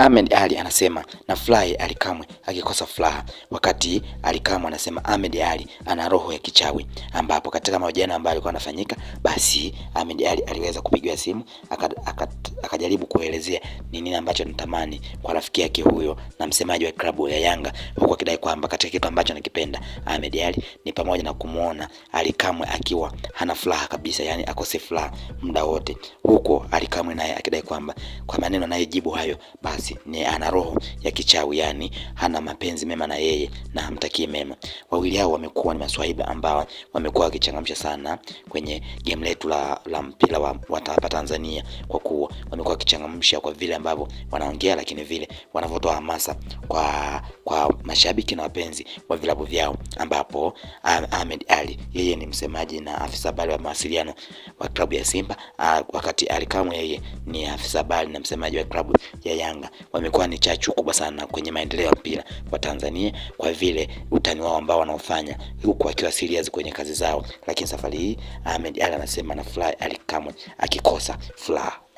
Ahmed Ali anasema na fly alikamwe akikosa furaha, wakati alikamwe anasema Ahmed ali ana roho ya kichawi, ambapo katika mahojiano ambayo alikuwa anafanyika, basi Ahmed Ali aliweza kupigiwa simu akat, akat, akajaribu kuelezea ni nini ambacho anatamani kwa rafiki yake huyo na msemaji wa klabu ya Yanga, huku akidai kwamba katika kitu ambacho anakipenda Ahmed Ally ni pamoja na kumwona Ally Kamwe akiwa hana furaha kabisa, yani akose furaha muda wote, huko Ally Kamwe naye akidai kwamba kwa maneno anayejibu hayo, basi ni ana roho ya kichawi, yani hana mapenzi mema na yeye na hamtakii mema. Wawili hao wamekuwa ni maswahiba ambao wamekuwa wakichangamsha sana kwenye game letu la, la mpira wa, wa, wa Tanzania kwa kuwa wamekuwa wamekuwa wakichangamsha kwa vile ambavyo wanaongea, lakini vile wanavyotoa hamasa kwa kwa mashabiki na wapenzi wa vilabu vyao, ambapo Ahmed Ali yeye ni msemaji na afisa habari wa mawasiliano wa klabu ya Simba, ah, wakati Ali Kamwe yeye ni afisa habari na msemaji wa klabu ya Yanga. Wamekuwa ni chachu kubwa sana kwenye maendeleo ya mpira wa Tanzania kwa vile utani wao ambao wanaofanya huku wakiwa serious kwenye kazi zao, lakini safari hii Ahmed Ali anasema na furahi Ali Kamwe akikosa furaha.